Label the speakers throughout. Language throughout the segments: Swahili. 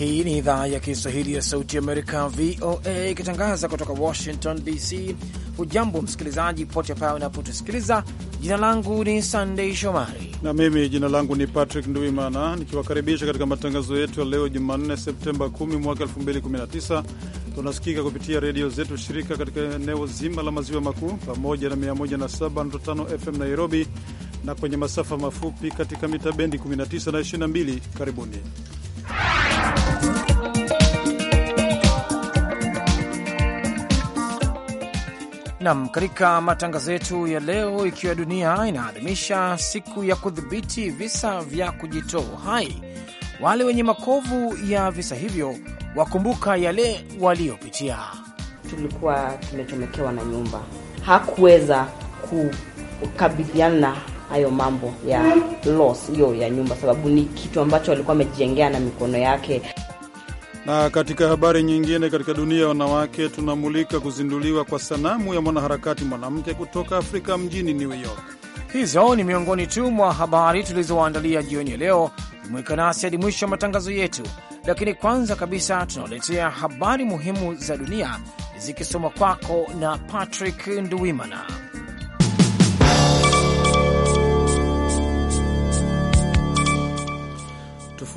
Speaker 1: Hii ni idhaa ya Kiswahili ya Sauti Amerika, VOA, ikitangaza kutoka Washington DC. Hujambo msikilizaji pote pale unapotusikiliza. Jina langu ni Sandei Shomari
Speaker 2: na mimi jina langu ni Patrick Nduimana, nikiwakaribisha katika matangazo yetu ya leo Jumanne Septemba 10 mwaka 2019. Tunasikika kupitia redio zetu shirika katika eneo zima la maziwa makuu pamoja na 107.5 FM Nairobi na kwenye masafa mafupi katika mita bendi 19 na 22. Karibuni.
Speaker 1: Nam, katika matangazo yetu ya leo, ikiwa dunia inaadhimisha siku ya kudhibiti visa vya kujitoa uhai, wale wenye makovu ya visa hivyo wakumbuka yale waliyopitia.
Speaker 3: Tulikuwa tumechomekewa na nyumba, hakuweza kukabiliana na hayo mambo ya loss hiyo ya nyumba, sababu ni kitu
Speaker 2: ambacho alikuwa amejijengea na mikono yake. Na katika habari nyingine, katika dunia ya wanawake, tunamulika kuzinduliwa kwa sanamu ya mwanaharakati mwanamke kutoka Afrika mjini New York. Hizo ni miongoni tu mwa habari tulizowaandalia jioni ya leo.
Speaker 1: Mweka nasi hadi mwisho wa matangazo yetu, lakini kwanza kabisa tunaoletea habari muhimu za dunia zikisoma kwako na Patrick Nduwimana.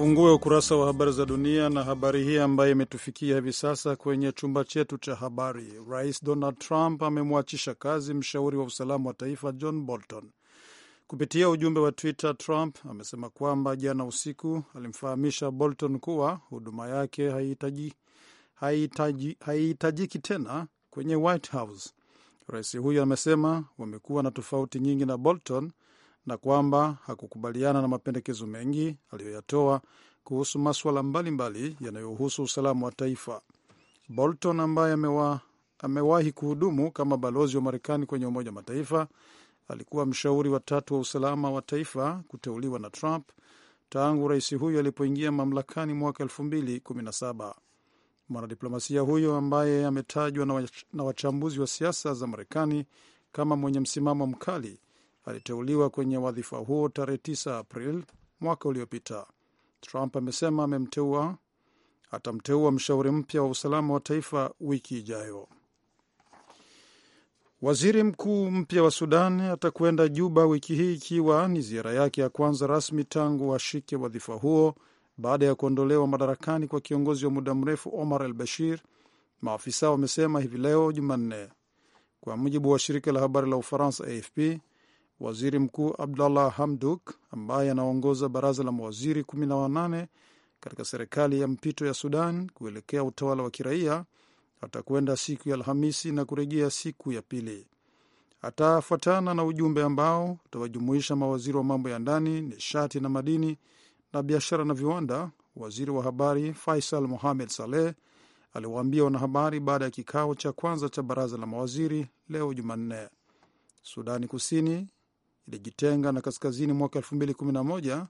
Speaker 2: tufungue ukurasa wa habari za dunia na habari hii ambayo imetufikia hivi sasa kwenye chumba chetu cha habari. Rais Donald Trump amemwachisha kazi mshauri wa usalama wa taifa John Bolton. Kupitia ujumbe wa Twitter, Trump amesema kwamba jana usiku alimfahamisha Bolton kuwa huduma yake haihitajiki tena kwenye White House. Rais huyo amesema wamekuwa na tofauti nyingi na Bolton na kwamba hakukubaliana na mapendekezo mengi aliyoyatoa kuhusu maswala mbalimbali yanayohusu usalama wa taifa. Bolton ambaye amewa, amewahi kuhudumu kama balozi wa Marekani kwenye Umoja wa Mataifa alikuwa mshauri wa tatu wa usalama wa taifa kuteuliwa na Trump tangu rais huyo alipoingia mamlakani mwaka 2017. Mwanadiplomasia huyo ambaye ametajwa na wachambuzi wa siasa za Marekani kama mwenye msimamo mkali aliteuliwa kwenye wadhifa huo tarehe 9 April mwaka uliopita. Trump amesema amemteua atamteua mshauri mpya wa usalama wa taifa wiki ijayo. Waziri mkuu mpya wa Sudan atakwenda Juba wiki hii ikiwa ni ziara yake ya kwanza rasmi tangu ashike wadhifa huo baada ya kuondolewa madarakani kwa kiongozi wa muda mrefu Omar al Bashir, maafisa wamesema hivi leo Jumanne, kwa mujibu wa shirika la habari la Ufaransa AFP. Waziri Mkuu Abdallah Hamduk ambaye anaongoza baraza la mawaziri 18 katika serikali ya mpito ya Sudan kuelekea utawala wa kiraia atakwenda siku ya Alhamisi na kurejea siku ya pili. Atafuatana na ujumbe ambao utawajumuisha mawaziri wa mambo ya ndani, nishati na madini na biashara na viwanda. Waziri wa habari Faisal Mohamed Saleh aliwaambia wanahabari baada ya kikao cha kwanza cha baraza la mawaziri leo Jumanne. Sudani Kusini ilijitenga na kaskazini mwaka 2011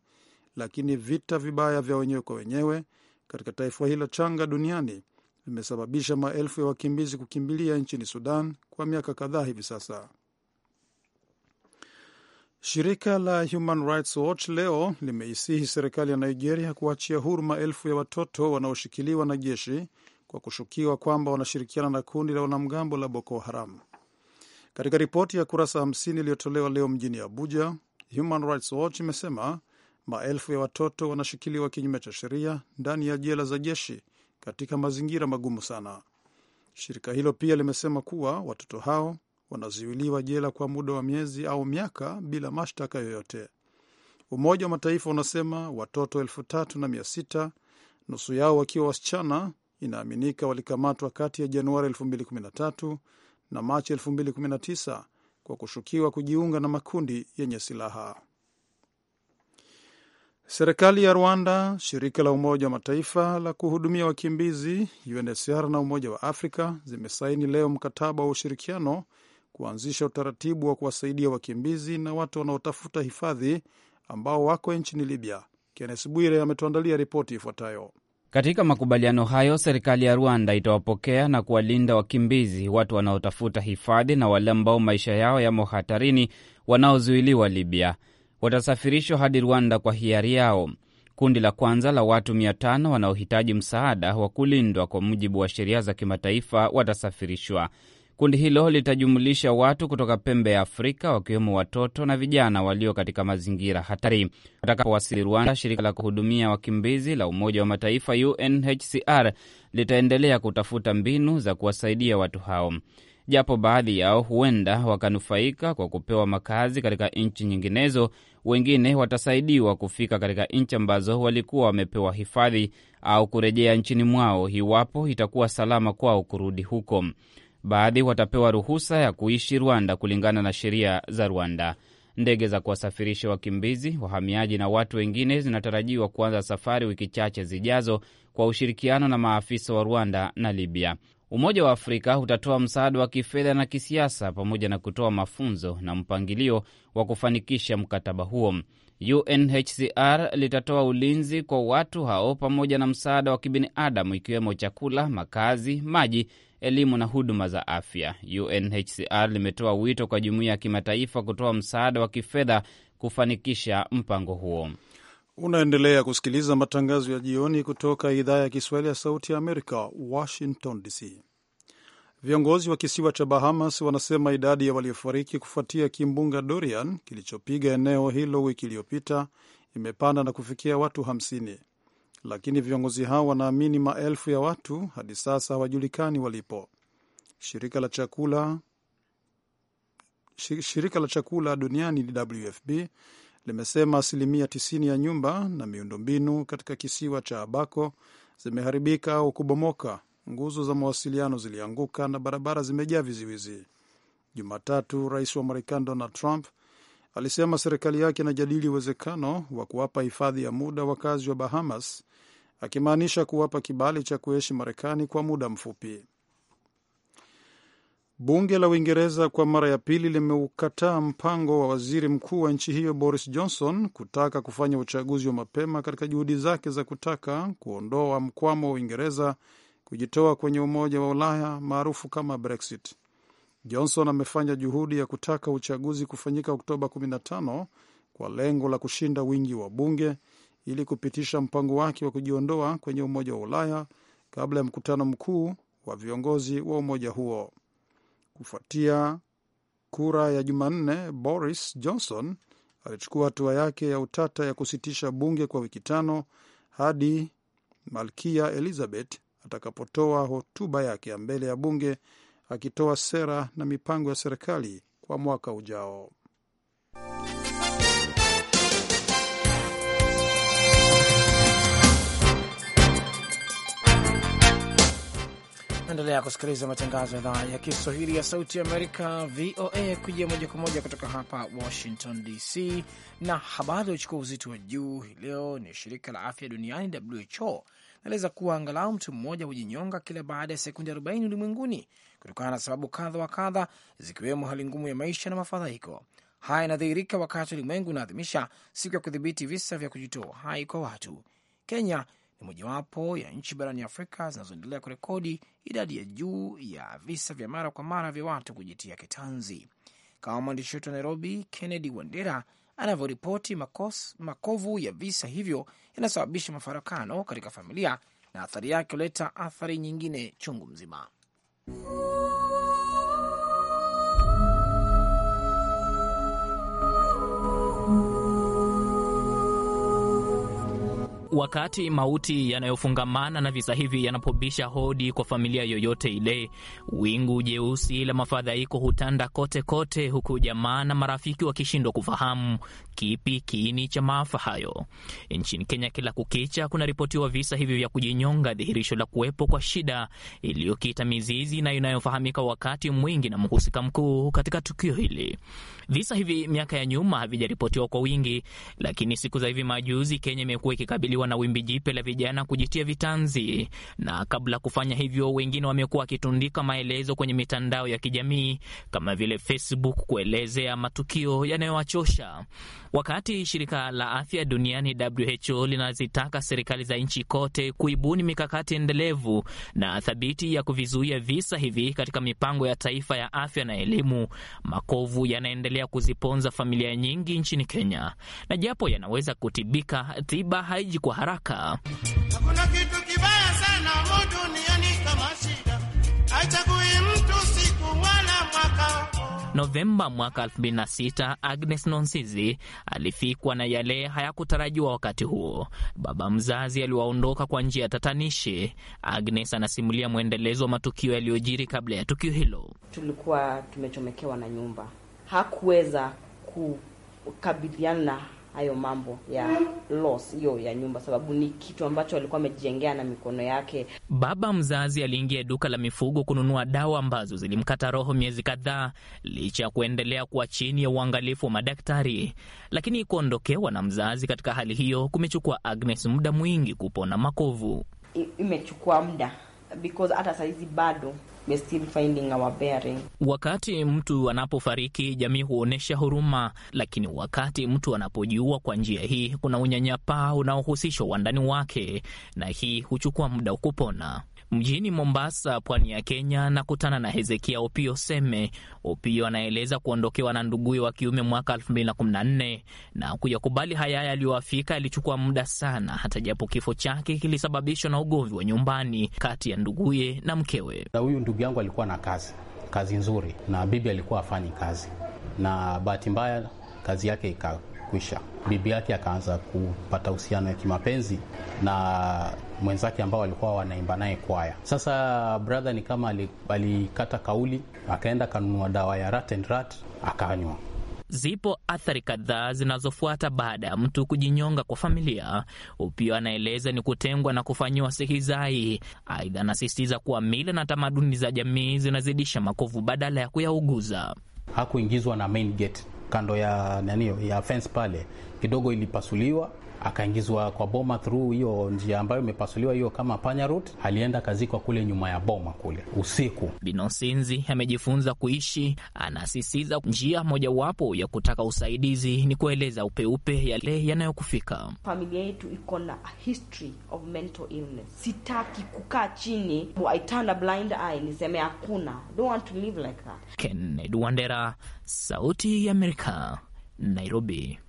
Speaker 2: lakini vita vibaya vya wenyewe kwa wenyewe katika taifa hilo changa duniani vimesababisha maelfu ya wakimbizi kukimbilia nchini Sudan kwa miaka kadhaa hivi sasa. Shirika la Human Rights Watch leo limeisihi serikali ya Nigeria kuachia huru maelfu ya watoto wanaoshikiliwa na jeshi kwa kushukiwa kwamba wanashirikiana na kundi la wanamgambo la Boko Haram. Katika ripoti ya kurasa 50 iliyotolewa leo mjini Abuja, Human Rights Watch imesema maelfu ya watoto wanashikiliwa kinyume cha sheria ndani ya jela za jeshi katika mazingira magumu sana. Shirika hilo pia limesema kuwa watoto hao wanazuiliwa jela kwa muda wa miezi au miaka bila mashtaka yoyote. Umoja wa Mataifa unasema watoto elfu tatu na mia sita, nusu yao wakiwa wasichana, inaaminika walikamatwa kati ya Januari na Machi 2019 kwa kushukiwa kujiunga na makundi yenye silaha. Serikali ya Rwanda, shirika la Umoja wa Mataifa la kuhudumia wakimbizi UNHCR na Umoja wa Afrika zimesaini leo mkataba wa ushirikiano kuanzisha utaratibu wa kuwasaidia wakimbizi na watu wanaotafuta hifadhi ambao wako nchini Libya. Kennes Bwire ametuandalia ripoti ifuatayo.
Speaker 4: Katika makubaliano hayo, serikali ya Rwanda itawapokea na kuwalinda wakimbizi, watu wanaotafuta hifadhi na wale ambao maisha yao yamo hatarini, wanaozuiliwa Libya, watasafirishwa hadi Rwanda kwa hiari yao. Kundi la kwanza la watu mia tano wanaohitaji msaada wa kulindwa kwa mujibu wa sheria za kimataifa watasafirishwa. Kundi hilo litajumulisha watu kutoka pembe ya Afrika, wakiwemo watoto na vijana walio katika mazingira hatari. Watakapowasili Rwanda, shirika la kuhudumia wakimbizi la Umoja wa Mataifa UNHCR litaendelea kutafuta mbinu za kuwasaidia watu hao, japo baadhi yao huenda wakanufaika kwa kupewa makazi katika nchi nyinginezo. Wengine watasaidiwa kufika katika nchi ambazo walikuwa wamepewa hifadhi au kurejea nchini mwao iwapo itakuwa salama kwao kurudi huko. Baadhi watapewa ruhusa ya kuishi Rwanda kulingana na sheria za Rwanda. Ndege za kuwasafirisha wakimbizi, wahamiaji na watu wengine zinatarajiwa kuanza safari wiki chache zijazo kwa ushirikiano na maafisa wa Rwanda na Libya. Umoja wa Afrika utatoa msaada wa kifedha na kisiasa pamoja na kutoa mafunzo na mpangilio wa kufanikisha mkataba huo. UNHCR litatoa ulinzi kwa watu hao pamoja na msaada wa kibinadamu ikiwemo chakula, makazi, maji elimu na huduma za afya. UNHCR limetoa wito kwa jumuiya ya kimataifa kutoa msaada wa kifedha kufanikisha mpango huo.
Speaker 2: Unaendelea kusikiliza matangazo ya jioni kutoka idhaa ya Kiswahili ya Sauti ya Amerika, Washington DC. Viongozi wa kisiwa cha Bahamas wanasema idadi ya waliofariki kufuatia kimbunga Dorian kilichopiga eneo hilo wiki iliyopita imepanda na kufikia watu 50 lakini viongozi hao wanaamini maelfu ya watu hadi sasa hawajulikani walipo. Shirika la chakula, shirika la chakula duniani WFP limesema asilimia 90 ya nyumba na miundombinu katika kisiwa cha Abako zimeharibika au kubomoka. Nguzo za mawasiliano zilianguka na barabara zimejaa viziwizi. Jumatatu, rais wa Marekani Donald Trump alisema serikali yake inajadili uwezekano wa kuwapa hifadhi ya muda wakazi wa Bahamas akimaanisha kuwapa kibali cha kuishi Marekani kwa muda mfupi. Bunge la Uingereza kwa mara ya pili limeukataa mpango wa waziri mkuu wa nchi hiyo Boris Johnson kutaka kufanya uchaguzi wa mapema katika juhudi zake za kutaka kuondoa mkwamo wa Uingereza kujitoa kwenye Umoja wa Ulaya maarufu kama Brexit. Johnson amefanya juhudi ya kutaka uchaguzi kufanyika Oktoba 15 kwa lengo la kushinda wingi wa bunge ili kupitisha mpango wake wa kujiondoa kwenye Umoja wa Ulaya kabla ya mkutano mkuu wa viongozi wa umoja huo. Kufuatia kura ya Jumanne, Boris Johnson alichukua hatua yake ya utata ya kusitisha bunge kwa wiki tano hadi Malkia Elizabeth atakapotoa hotuba yake ya mbele ya bunge akitoa sera na mipango ya serikali kwa mwaka ujao.
Speaker 1: Endelea kusikiliza matangazo ya idhaa ya Kiswahili ya Sauti Amerika, VOA, kujia moja kwa moja kutoka hapa Washington DC. Na habari yachukua uzito wa juu hii leo ni shirika la afya duniani WHO naeleza kuwa angalau mtu mmoja hujinyonga kila baada ya sekundi 40 ulimwenguni kutokana na sababu kadha wa kadha, zikiwemo hali ngumu ya maisha na mafadhaiko. Haya yanadhihirika wakati ulimwengu unaadhimisha siku ya kudhibiti visa vya kujitoa hai kwa watu. Kenya ni mojawapo ya nchi barani Afrika zinazoendelea kurekodi idadi ya juu ya visa vya mara kwa mara vya watu kujitia kitanzi, kama mwandishi wetu wa Nairobi Kennedy Wandera anavyoripoti. Makovu ya visa hivyo yanasababisha mafarakano katika familia na athari yake huleta athari nyingine chungu mzima.
Speaker 5: Wakati mauti yanayofungamana na visa hivi yanapobisha hodi kwa familia yoyote ile, wingu jeusi la mafadhaiko hutanda kote kote, huku jamaa na marafiki wakishindwa kufahamu kipi kiini cha maafa hayo. Nchini Kenya, kila kukicha kunaripotiwa visa hivi vya kujinyonga, dhihirisho la kuwepo kwa shida iliyokita mizizi na inayofahamika wakati mwingi na mhusika mkuu katika tukio hili. Visa hivi miaka ya nyuma havijaripotiwa kwa wingi, lakini siku za hivi majuzi Kenya imekuwa ikikabiliwa wakikabiliwa na wimbi jipya la vijana kujitia vitanzi, na kabla kufanya hivyo, wengine wamekuwa wakitundika maelezo kwenye mitandao ya kijamii kama vile Facebook kuelezea matukio yanayowachosha. Wakati shirika la afya duniani WHO linazitaka serikali za nchi kote kuibuni mikakati endelevu na thabiti ya kuvizuia visa hivi katika mipango ya taifa ya afya na elimu, makovu yanaendelea kuziponza familia nyingi nchini Kenya, na japo yanaweza kutibika, tiba haiji kwa kwa haraka.
Speaker 6: Hakuna kitu kibaya sana humu duniani kama shida, haichagui mtu siku wala mwaka.
Speaker 5: Novemba mwaka 2006 Agnes Nonsizi alifikwa na yale hayakutarajiwa wakati huo. Baba mzazi aliwaondoka kwa njia ya tatanishi. Agnes anasimulia mwendelezo wa matukio yaliyojiri kabla ya tukio hilo.
Speaker 3: Tulikuwa tumechomekewa na nyumba, hakuweza kukabidhiana hayo mambo ya loss hiyo ya nyumba, sababu ni kitu ambacho alikuwa amejijengea na mikono yake.
Speaker 5: Baba mzazi aliingia duka la mifugo kununua dawa ambazo zilimkata roho miezi kadhaa, licha ya kuendelea kuwa chini ya uangalifu wa madaktari. Lakini kuondokewa na mzazi katika hali hiyo kumechukua Agnes muda mwingi kupona makovu.
Speaker 3: I imechukua muda because hata saizi bado still finding our bearing.
Speaker 5: Wakati mtu anapofariki jamii huonyesha huruma, lakini wakati mtu anapojiua kwa njia hii kuna unyanyapaa unaohusishwa wandani wake, na hii huchukua muda kupona mjini Mombasa, pwani ya Kenya, na kutana na Hezekia Opio Seme. Opio anaeleza kuondokewa na nduguye wa kiume mwaka 2014 na kuyakubali haya yaliyoafika yalichukua muda sana, hata japo kifo chake kilisababishwa na ugomvi wa nyumbani kati ya nduguye na mkewe. Huyu ndugu
Speaker 6: yangu alikuwa na kazi kazi nzuri, na bibi alikuwa afanyi kazi, na bahati mbaya kazi yake ikakwisha. Bibi yake akaanza kupata uhusiano ya kimapenzi na mwenzake ambao walikuwa wanaimba naye kwaya. Sasa brother ni kama alikata kauli, akaenda akanunua dawa ya rat and rat akanywa. Zipo athari kadhaa
Speaker 5: zinazofuata baada ya mtu kujinyonga kwa familia. Upio anaeleza ni kutengwa na kufanyiwa sihizai. Aidha, anasisitiza kuwa mila na tamaduni za
Speaker 6: jamii zinazidisha makovu badala ya kuyauguza. Hakuingizwa na main gate kando ya ya fence pale, kidogo ilipasuliwa akaingizwa kwa boma through hiyo njia ambayo imepasuliwa hiyo kama panya route, alienda kazikwa kule nyuma ya boma kule usiku.
Speaker 5: Binosinzi amejifunza kuishi, anasisitiza njia mojawapo ya kutaka usaidizi ni kueleza upeupe yale yanayokufika.
Speaker 3: Familia yetu iko na history of mental illness. Sitaki kukaa chini, I turn a blind eye, niseme hakuna. Don't want to live like that.
Speaker 5: Kennedy Wandera, Sauti ya Amerika, Nairobi.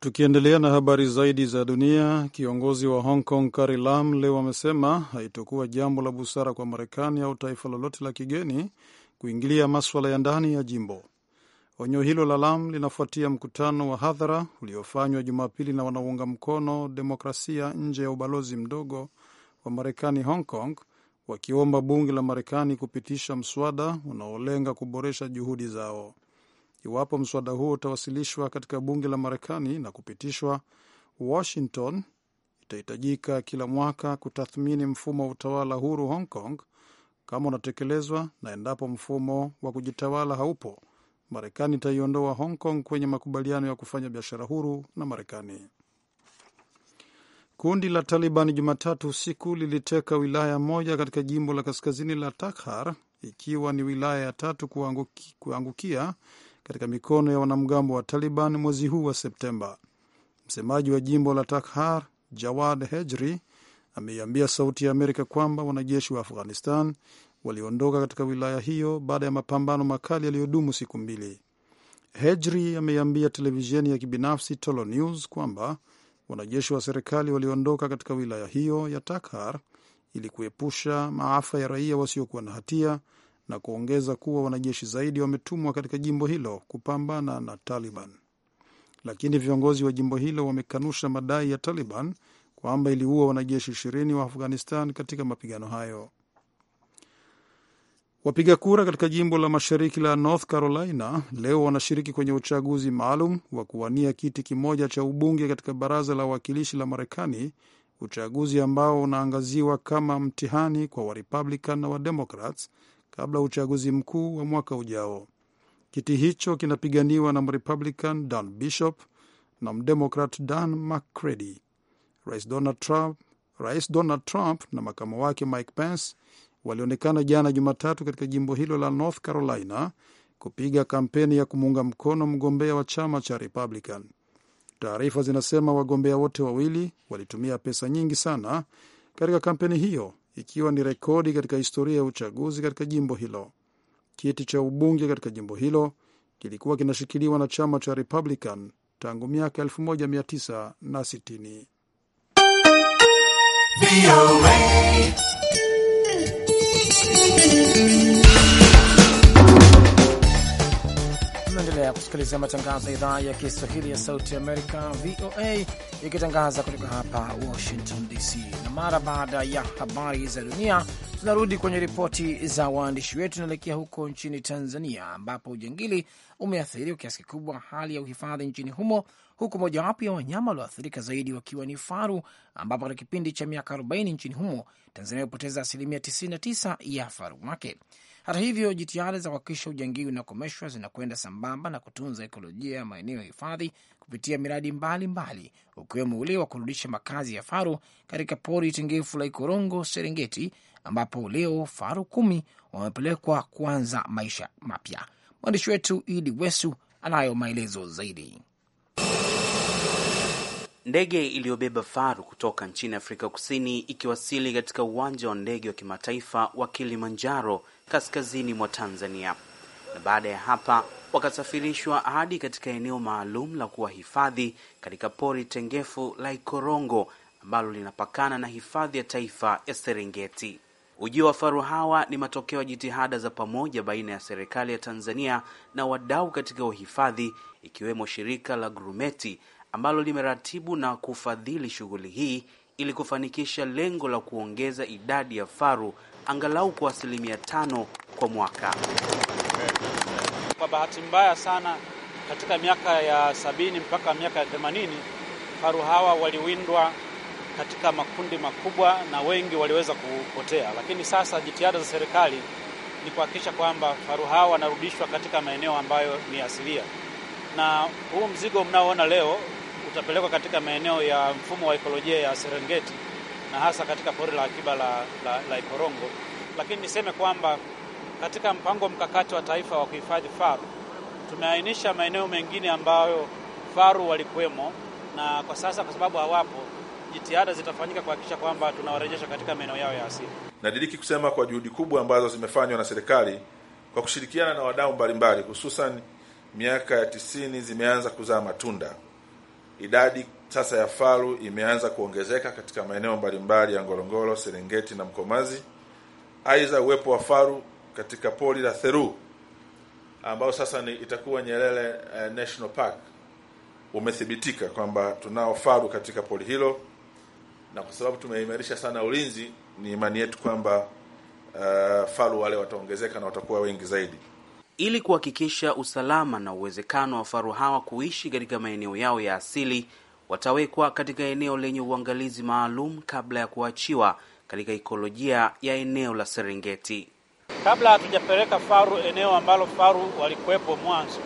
Speaker 2: Tukiendelea na habari zaidi za dunia, kiongozi wa Hong Kong Carrie Lam leo amesema haitokuwa jambo la busara kwa Marekani au taifa lolote la kigeni kuingilia maswala ya ndani ya jimbo. Onyo hilo la Lam linafuatia mkutano wa hadhara uliofanywa Jumapili na wanaunga mkono demokrasia nje ya ubalozi mdogo wa Marekani Hong Kong, wakiomba bunge la Marekani kupitisha mswada unaolenga kuboresha juhudi zao. Iwapo mswada huo utawasilishwa katika bunge la Marekani na kupitishwa, Washington itahitajika kila mwaka kutathmini mfumo wa utawala huru Hong Kong kama unatekelezwa, na endapo mfumo wa kujitawala haupo, Marekani itaiondoa Hong Kong kwenye makubaliano ya kufanya biashara huru na Marekani. Kundi la Taliban Jumatatu usiku liliteka wilaya moja katika jimbo la kaskazini la Takhar, ikiwa ni wilaya ya tatu kuanguki, kuangukia katika mikono ya wanamgambo wa Taliban mwezi huu wa Septemba. Msemaji wa jimbo la Takhar, Jawad Hejri, ameiambia Sauti ya Amerika kwamba wanajeshi wa Afghanistan waliondoka katika wilaya hiyo baada ya mapambano makali yaliyodumu siku mbili. Hejri ameiambia televisheni ya kibinafsi Tolo News kwamba wanajeshi wa serikali waliondoka katika wilaya hiyo ya Takhar ili kuepusha maafa ya raia wasiokuwa na hatia na kuongeza kuwa wanajeshi zaidi wametumwa katika jimbo hilo kupambana na Taliban. Lakini viongozi wa jimbo hilo wamekanusha madai ya Taliban kwamba iliua wanajeshi ishirini wa Afghanistan katika mapigano hayo. Wapiga kura katika jimbo la mashariki la North Carolina leo wanashiriki kwenye uchaguzi maalum wa kuwania kiti kimoja cha ubunge katika baraza la wawakilishi la Marekani, uchaguzi ambao unaangaziwa kama mtihani kwa Warepublican na Wademokrats kabla ya uchaguzi mkuu wa mwaka ujao. Kiti hicho kinapiganiwa na Mrepublican Dan Bishop na Mdemokrat Dan McCready. Rais Donald Trump, Rais Donald Trump na makamu wake Mike Pence walionekana jana Jumatatu katika jimbo hilo la North Carolina kupiga kampeni ya kumuunga mkono mgombea wa chama cha Republican. Taarifa zinasema wagombea wote wawili walitumia pesa nyingi sana katika kampeni hiyo ikiwa ni rekodi katika historia ya uchaguzi katika jimbo hilo. Kiti cha ubunge katika jimbo hilo kilikuwa kinashikiliwa na chama cha Republican tangu miaka 1960.
Speaker 1: Tunaendelea kusikiliza matangazo ya idhaa ya Kiswahili ya Sauti Amerika, VOA, ikitangaza kutoka hapa Washington DC. Na mara baada ya habari za dunia, tunarudi kwenye ripoti za waandishi wetu. Tunaelekea huko nchini Tanzania, ambapo ujangili umeathiriwa kiasi kikubwa hali ya uhifadhi nchini humo, huku mojawapo ya wanyama walioathirika zaidi wakiwa ni faru, ambapo katika kipindi cha miaka 40 nchini humo Tanzania imepoteza asilimia 99 ya faru wake. Hata hivyo, jitihada za kuhakikisha ujangili unakomeshwa zinakwenda sambamba na kutunza ekolojia ya maeneo ya hifadhi kupitia miradi mbalimbali, ukiwemo ule wa kurudisha makazi ya faru katika pori tengefu la Ikorongo, Serengeti, ambapo leo faru kumi wamepelekwa kuanza maisha mapya. Mwandishi wetu Idi Wesu anayo maelezo zaidi.
Speaker 7: Ndege iliyobeba faru kutoka nchini Afrika Kusini ikiwasili katika uwanja wa ndege wa kimataifa wa Kilimanjaro kaskazini mwa Tanzania, na baada ya hapa wakasafirishwa hadi katika eneo maalum la kuwahifadhi katika pori tengefu la Ikorongo ambalo linapakana na hifadhi ya taifa ya Serengeti. Ujio wa faru hawa ni matokeo ya jitihada za pamoja baina ya serikali ya Tanzania na wadau katika uhifadhi, ikiwemo shirika la Grumeti ambalo limeratibu na kufadhili shughuli hii ili kufanikisha lengo la kuongeza idadi ya faru angalau kwa asilimia tano kwa mwaka.
Speaker 8: Kwa bahati mbaya sana, katika miaka ya sabini mpaka miaka ya themanini faru hawa waliwindwa katika makundi makubwa na wengi waliweza kupotea, lakini sasa jitihada za serikali ni kuhakikisha kwamba faru hawa wanarudishwa katika maeneo ambayo ni asilia, na huu mzigo mnaoona leo utapelekwa katika maeneo ya mfumo wa ekolojia ya Serengeti na hasa katika pori la akiba la, la, la Ikorongo. Lakini niseme kwamba katika mpango mkakati wa taifa wa kuhifadhi faru tumeainisha maeneo mengine ambayo faru walikuwemo, na kwa sasa kwa sababu hawapo, jitihada zitafanyika kuhakikisha kwamba tunawarejesha katika maeneo yao ya asili.
Speaker 2: Nadiriki kusema kwa juhudi kubwa ambazo zimefanywa na serikali kwa kushirikiana na wadau mbalimbali, hususan miaka ya tisini zimeanza kuzaa matunda. Idadi sasa ya faru imeanza kuongezeka katika maeneo mbalimbali ya Ngorongoro, Serengeti na Mkomazi. Aidha, uwepo wa faru katika pori la Theru ambao sasa ni itakuwa Nyerere uh, National Park umethibitika kwamba tunao faru katika pori hilo, na kwa sababu tumeimarisha sana ulinzi, ni imani yetu kwamba uh, faru wale wataongezeka na watakuwa wengi zaidi
Speaker 7: ili kuhakikisha usalama na uwezekano wa faru hawa kuishi katika maeneo yao ya asili, watawekwa katika eneo lenye uangalizi maalum kabla ya kuachiwa katika ikolojia ya eneo la Serengeti.
Speaker 8: Kabla hatujapeleka faru eneo ambalo faru walikuwepo mwanzo,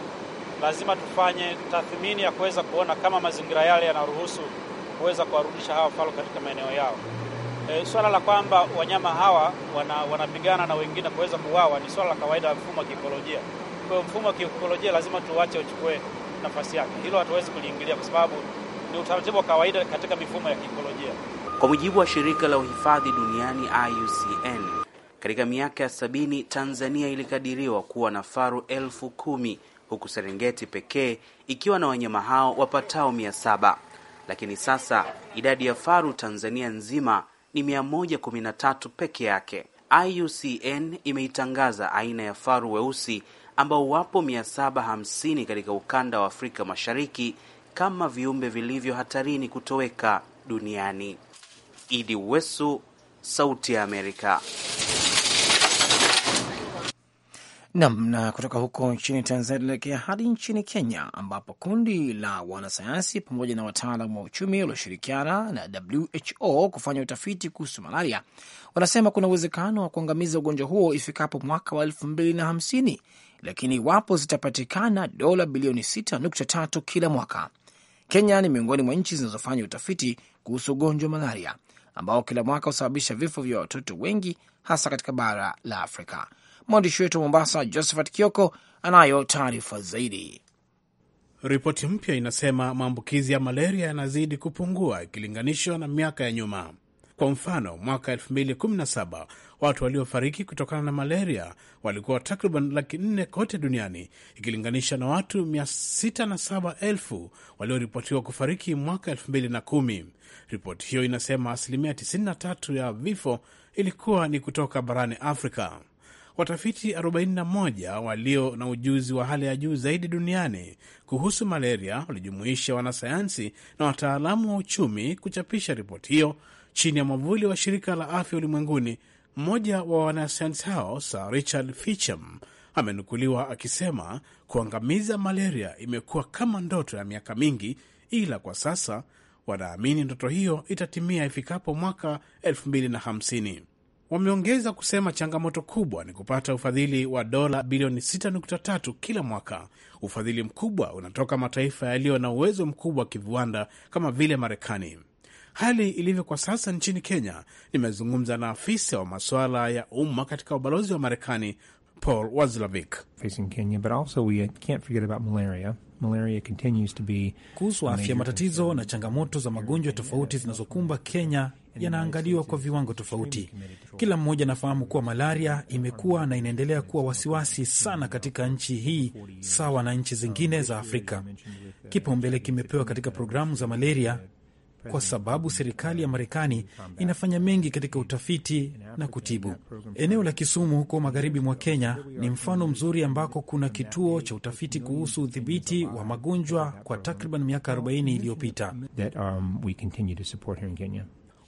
Speaker 8: lazima tufanye tathmini ya kuweza kuona kama mazingira yale yanaruhusu kuweza kuwarudisha hawa faru katika maeneo yao. E, swala la kwamba wanyama hawa wanapigana wana na wengine kuweza kuwawa ni swala la kawaida ya mfumo wa kiikolojia. Kwa hiyo mfumo wa kiikolojia lazima tuwache uchukue nafasi yake, hilo hatuwezi kuliingilia kwa sababu ni utaratibu wa kawaida katika mifumo ya kiikolojia.
Speaker 7: Kwa mujibu wa shirika la uhifadhi duniani IUCN, katika miaka ya sabini Tanzania ilikadiriwa kuwa na faru elfu kumi huku Serengeti pekee ikiwa na wanyama hao wapatao mia saba lakini sasa idadi ya faru Tanzania nzima ni 113 peke yake. IUCN imeitangaza aina ya faru weusi ambao wapo 750 katika ukanda wa Afrika Mashariki kama viumbe vilivyo hatarini kutoweka duniani. Idi Wesu, Sauti ya Amerika.
Speaker 1: Nam. Na kutoka huko nchini Tanzania tunaelekea hadi nchini Kenya, ambapo kundi la wanasayansi pamoja na wataalam wa uchumi walioshirikiana na WHO kufanya utafiti kuhusu malaria wanasema kuna uwezekano wa kuangamiza ugonjwa huo ifikapo mwaka wa elfu mbili na hamsini, lakini iwapo zitapatikana dola bilioni 6.3 kila mwaka. Kenya ni miongoni mwa nchi zinazofanya utafiti kuhusu ugonjwa wa malaria ambao kila mwaka husababisha vifo vya watoto wengi hasa katika bara la Afrika. Mwandishi wetu wa Mombasa, Josephat Kioko,
Speaker 6: anayo taarifa zaidi. Ripoti mpya inasema maambukizi ya malaria yanazidi kupungua ikilinganishwa na miaka ya nyuma. Kwa mfano, mwaka 2017 watu waliofariki kutokana na malaria walikuwa takriban laki nne kote duniani ikilinganisha na watu 607,000 walioripotiwa kufariki mwaka 2010. Ripoti hiyo inasema asilimia 93 ya vifo ilikuwa ni kutoka barani Afrika watafiti 41 walio na ujuzi wa hali ya juu zaidi duniani kuhusu malaria walijumuisha wanasayansi na wataalamu wa uchumi kuchapisha ripoti hiyo chini ya mwavuli wa shirika la afya ulimwenguni. Mmoja wa wanasayansi hao Sir Richard Feacham amenukuliwa akisema kuangamiza malaria imekuwa kama ndoto ya miaka mingi, ila kwa sasa wanaamini ndoto hiyo itatimia ifikapo mwaka 2050. Wameongeza kusema changamoto kubwa ni kupata ufadhili wa dola bilioni 6.3 kila mwaka. Ufadhili mkubwa unatoka mataifa yaliyo na uwezo mkubwa wa kiviwanda kama vile Marekani. Hali ilivyo kwa sasa nchini Kenya, nimezungumza na afisa wa masuala ya umma katika ubalozi wa Marekani Paul Wazlavik
Speaker 8: kuhusu afya, matatizo na changamoto za magonjwa tofauti zinazokumba Kenya yanaangaliwa kwa viwango tofauti. Kila mmoja anafahamu kuwa malaria imekuwa na inaendelea kuwa wasiwasi sana katika
Speaker 6: nchi hii sawa na nchi zingine za Afrika. Kipaumbele kimepewa katika programu za malaria kwa sababu serikali ya Marekani inafanya mengi katika utafiti na kutibu. Eneo la Kisumu huko magharibi mwa Kenya ni mfano mzuri ambako kuna kituo cha utafiti kuhusu udhibiti wa magonjwa kwa takriban miaka 40 iliyopita. Um,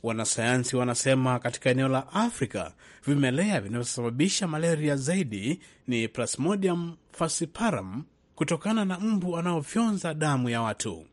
Speaker 6: Wanasayansi wanasema katika eneo la Afrika vimelea vinavyosababisha malaria zaidi ni Plasmodium falciparum kutokana na mbu anaofyonza damu ya watu.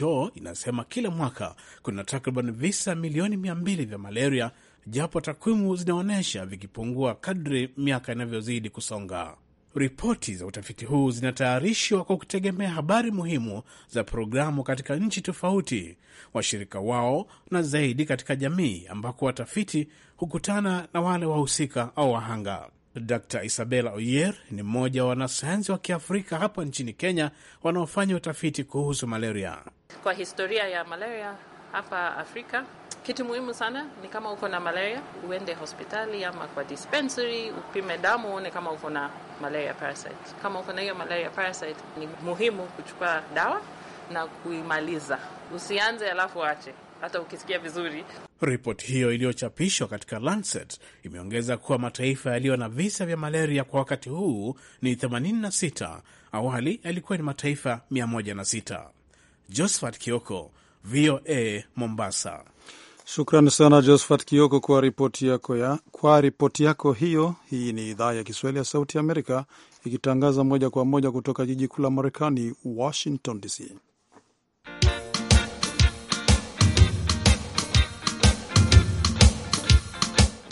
Speaker 6: WHO inasema kila mwaka kuna takriban visa milioni 200 vya malaria, japo takwimu zinaonyesha vikipungua kadri miaka inavyozidi kusonga. Ripoti za utafiti huu zinatayarishwa kwa kutegemea habari muhimu za programu katika nchi tofauti, washirika wao, na zaidi katika jamii ambako watafiti hukutana na wale wahusika au wahanga. Dr Isabella Oyer ni mmoja wa wanasayansi wa Kiafrika hapa nchini Kenya wanaofanya utafiti kuhusu malaria.
Speaker 5: Kwa historia ya malaria hapa Afrika. Kitu muhimu sana ni kama uko na malaria, uende hospitali ama kwa dispensary, upime damu, uone kama uko na malaria parasite. Kama uko na hiyo malaria parasite, ni muhimu kuchukua dawa na kuimaliza. Usianze alafu ache hata ukisikia vizuri.
Speaker 6: Ripoti hiyo iliyochapishwa katika Lancet imeongeza kuwa mataifa yaliyo na visa vya malaria kwa wakati huu ni 86. Awali yalikuwa ni mataifa 106. Josephat
Speaker 2: Kioko, VOA Mombasa. Shukran sana Josephat Kioko kwa ripoti yako, ya, kwa ripoti yako hiyo. Hii ni idhaa ya Kiswahili ya Sauti Amerika ikitangaza moja kwa moja kutoka jiji kuu la Marekani, Washington DC.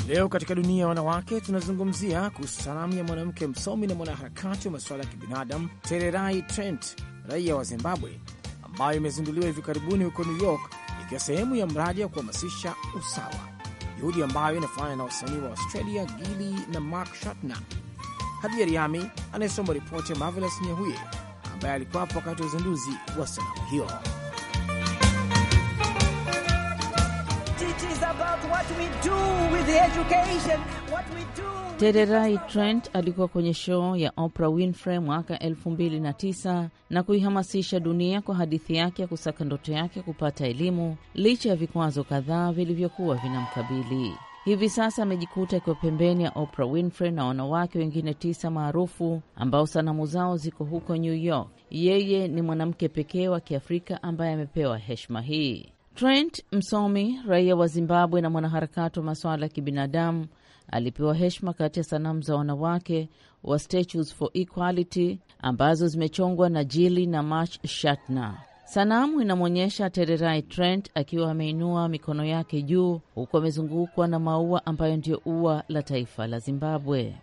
Speaker 1: Leo katika dunia ya wanawake tunazungumzia kuhusu salamu ya mwanamke msomi na mwanaharakati wa masuala ya kibinadamu tererai Trent, raia wa Zimbabwe ambayo imezinduliwa hivi karibuni huko New York ikiwa sehemu ya mradi wa kuhamasisha usawa, juhudi ambayo inafanya na wasanii wa Australia Gili na Mark Shatner. Hadija Riami anayesoma ripoti ya Marvelous Nyahuye ambaye alikuwapo wakati wa uzinduzi wa sanamu hiyo.
Speaker 3: Tererai Trent alikuwa kwenye show ya Oprah Winfrey mwaka 2009 na kuihamasisha dunia kwa hadithi yake ya kusaka ndoto yake kupata elimu licha ya vikwazo kadhaa vilivyokuwa vinamkabili. Hivi sasa amejikuta akiwa pembeni ya Oprah Winfrey na wanawake wengine tisa maarufu ambao sanamu zao ziko huko New York. Yeye ni mwanamke pekee wa Kiafrika ambaye amepewa heshima hii. Trent, msomi raia wa Zimbabwe na mwanaharakati wa masuala ya kibinadamu, alipewa heshima kati ya sanamu za wanawake wa Statues for Equality ambazo zimechongwa na Jili na March Shatner. Sanamu inamwonyesha Tererai Trent akiwa ameinua mikono yake juu huku amezungukwa na maua ambayo ndiyo ua la taifa la Zimbabwe.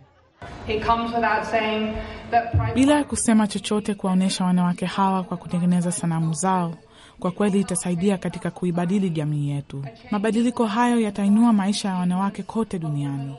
Speaker 4: Bila ya kusema
Speaker 6: chochote kuwaonyesha wanawake hawa kwa kutengeneza sanamu zao kwa kweli itasaidia katika kuibadili jamii yetu. Mabadiliko hayo yatainua maisha ya wanawake kote duniani.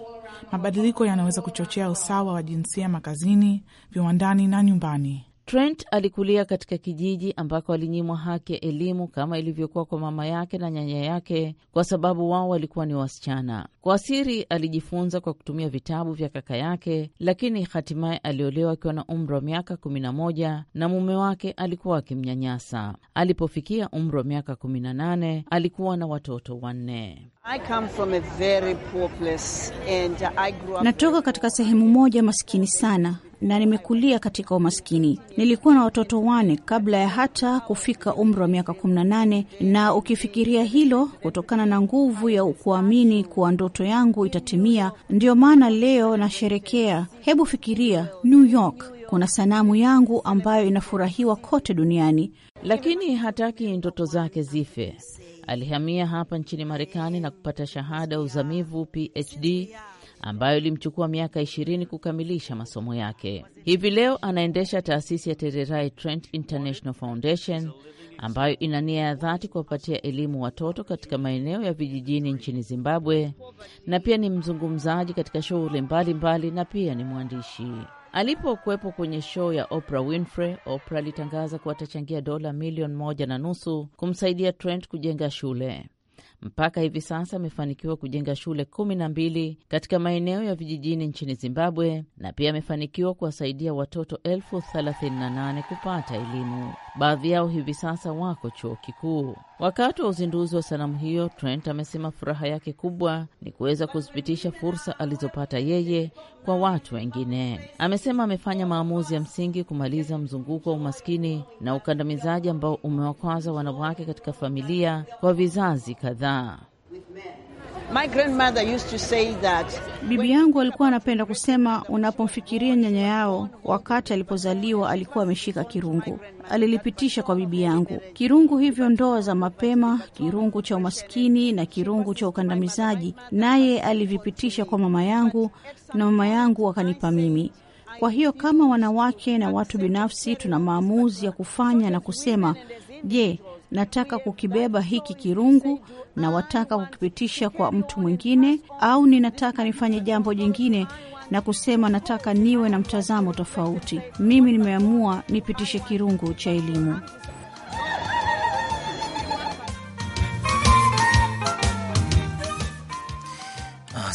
Speaker 6: Mabadiliko yanaweza kuchochea usawa wa jinsia makazini, viwandani na nyumbani.
Speaker 3: Trent alikulia katika kijiji ambako alinyimwa haki ya elimu kama ilivyokuwa kwa mama yake na nyanya yake, kwa sababu wao walikuwa ni wasichana. Kwa siri alijifunza kwa kutumia vitabu vya kaka yake, lakini hatimaye aliolewa akiwa na umri wa miaka kumi na moja na mume wake alikuwa akimnyanyasa. Alipofikia umri wa miaka kumi na nane alikuwa na watoto wanne. Natoka
Speaker 9: katika sehemu moja maskini sana na nimekulia katika umaskini. Nilikuwa na watoto wane kabla ya hata kufika umri wa miaka 18, na ukifikiria hilo, kutokana na nguvu ya kuamini kuwa ndoto yangu itatimia, ndiyo maana leo nasherekea. Hebu fikiria, New York kuna sanamu yangu ambayo inafurahiwa kote duniani.
Speaker 3: Lakini hataki ndoto zake zife. Alihamia hapa nchini Marekani na kupata shahada ya uzamivu PhD ambayo ilimchukua miaka ishirini kukamilisha masomo yake. Hivi leo anaendesha taasisi ya Tererai Trent International Foundation ambayo ina nia ya dhati kuwapatia elimu watoto katika maeneo ya vijijini nchini Zimbabwe, na pia ni mzungumzaji katika shughuli mbalimbali na pia ni mwandishi. Alipokuwepo kwenye show ya Oprah Winfrey, Oprah alitangaza kuwa atachangia dola milioni moja na nusu kumsaidia Trent kujenga shule. Mpaka hivi sasa amefanikiwa kujenga shule kumi na mbili katika maeneo ya vijijini nchini Zimbabwe, na pia amefanikiwa kuwasaidia watoto elfu thelathini na nane kupata elimu. Baadhi yao hivi sasa wako chuo kikuu. Wakati wa uzinduzi wa sanamu hiyo, Trent amesema furaha yake kubwa ni kuweza kuzipitisha fursa alizopata yeye kwa watu wengine. Amesema amefanya maamuzi ya msingi kumaliza mzunguko wa umaskini na ukandamizaji ambao umewakwaza wanawake katika familia kwa vizazi kadhaa.
Speaker 9: Bibi yangu alikuwa anapenda kusema, unapomfikiria nyanya yao wakati alipozaliwa alikuwa ameshika kirungu. Alilipitisha kwa bibi yangu kirungu hivyo, ndoa za mapema, kirungu cha umaskini na kirungu cha ukandamizaji, naye alivipitisha kwa mama yangu, na mama yangu wakanipa mimi. Kwa hiyo kama wanawake na watu binafsi, tuna maamuzi ya kufanya na kusema, je, nataka kukibeba hiki kirungu na wataka kukipitisha kwa mtu mwingine, au ninataka nifanye jambo jingine na kusema nataka niwe na mtazamo tofauti. Mimi nimeamua nipitishe kirungu cha elimu.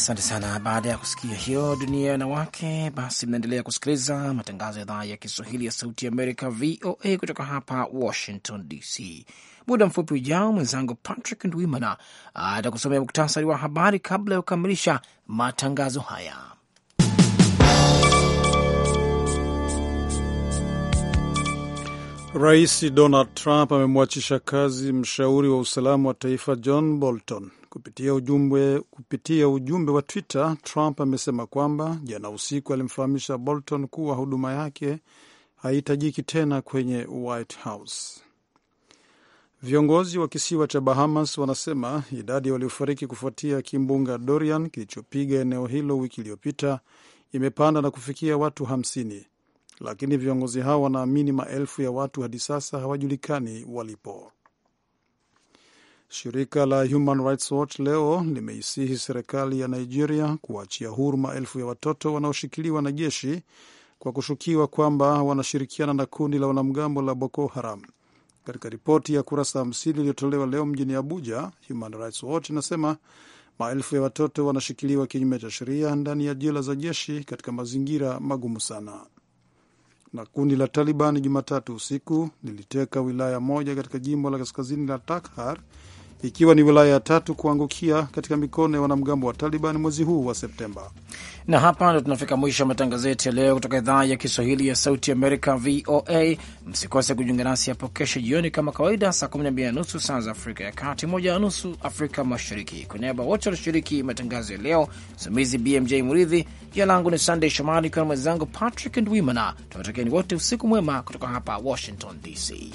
Speaker 1: Asante sana. Baada ya kusikia hiyo dunia ya wanawake, basi mnaendelea kusikiliza matangazo ya idhaa ya Kiswahili ya Sauti ya Amerika, VOA, kutoka hapa Washington DC. Muda mfupi ujao, mwenzangu Patrick Ndwimana atakusomea muktasari wa habari kabla ya kukamilisha
Speaker 2: matangazo haya. Rais Donald Trump amemwachisha kazi mshauri wa usalama wa taifa John Bolton Kupitia ujumbe, kupitia ujumbe wa Twitter, Trump amesema kwamba jana usiku alimfahamisha Bolton kuwa huduma yake haihitajiki tena kwenye White House. Viongozi wa kisiwa cha Bahamas wanasema idadi waliofariki kufuatia kimbunga Dorian kilichopiga eneo hilo wiki iliyopita imepanda na kufikia watu hamsini, lakini viongozi hao wanaamini maelfu ya watu hadi sasa hawajulikani walipo. Shirika la Human Rights Watch leo limeisihi serikali ya Nigeria kuachia huru maelfu ya watoto wanaoshikiliwa na jeshi kwa kushukiwa kwamba wanashirikiana na kundi la wanamgambo la Boko Haram. Katika ripoti ya kurasa 50 iliyotolewa leo mjini Abuja, Human Rights Watch inasema maelfu ya watoto wanashikiliwa kinyume cha sheria ndani ya jela za jeshi katika mazingira magumu sana. Na kundi la Taliban Jumatatu usiku liliteka wilaya moja katika jimbo la kaskazini la Takhar ikiwa ni wilaya ya tatu kuangukia katika mikono ya wanamgambo wa Taliban mwezi huu wa Septemba.
Speaker 1: Na hapa ndo tunafika mwisho wa matangazo yetu ya leo kutoka idhaa ya Kiswahili ya Sauti Amerika, VOA. Msikose kujiunga nasi hapo kesho jioni kama kawaida, saa 12 na nusu saa za Afrika ya Kati, moja na nusu Afrika Mashariki. Kwa niaba wote walioshiriki matangazo ya leo, msimamizi BMJ Muridhi, jina langu ni Sandey Shomari kwa mwenzangu Patrick Ndwimana, tunawatakieni wote usiku mwema kutoka hapa Washington DC.